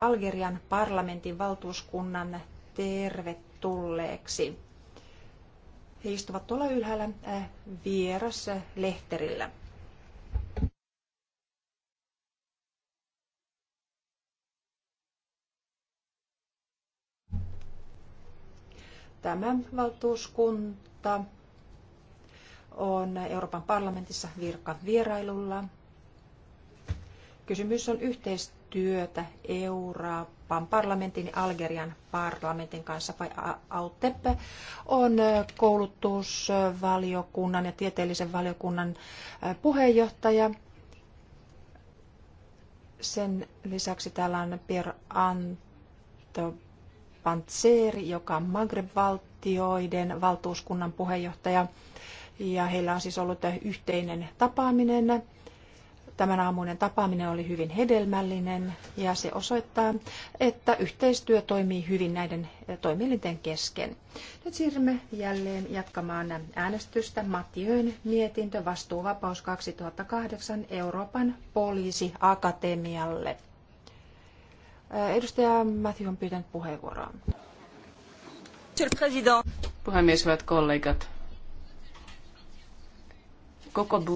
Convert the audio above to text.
Algerian parlamentin valtuuskunnan tervetulleeksi. He istuvat tuolla ylhäällä äh, vieras äh, lehterillä. Tämä valtuuskunta on Euroopan parlamentissa virkavierailulla Kysymys on yhteistyötä Euroopan parlamentin ja Algerian parlamentin kanssa. AUTEP on koulutusvaliokunnan ja tieteellisen valiokunnan puheenjohtaja. Sen lisäksi täällä on Pierre Anto Pantseri, joka on Maghreb-valtioiden valtuuskunnan puheenjohtaja. Ja heillä on siis ollut yhteinen tapaaminen Tämän aamuinen tapaaminen oli hyvin hedelmällinen ja se osoittaa, että yhteistyö toimii hyvin näiden eh, toimielinten kesken. Nyt siirrymme jälleen jatkamaan äänestystä Mattiöön mietintö Vastuuvapaus 2008 Euroopan poliisiakatemialle. Eh, edustaja Matti on pyytänyt puheenvuoroa. Puhemies, hyvät kollegat. Koko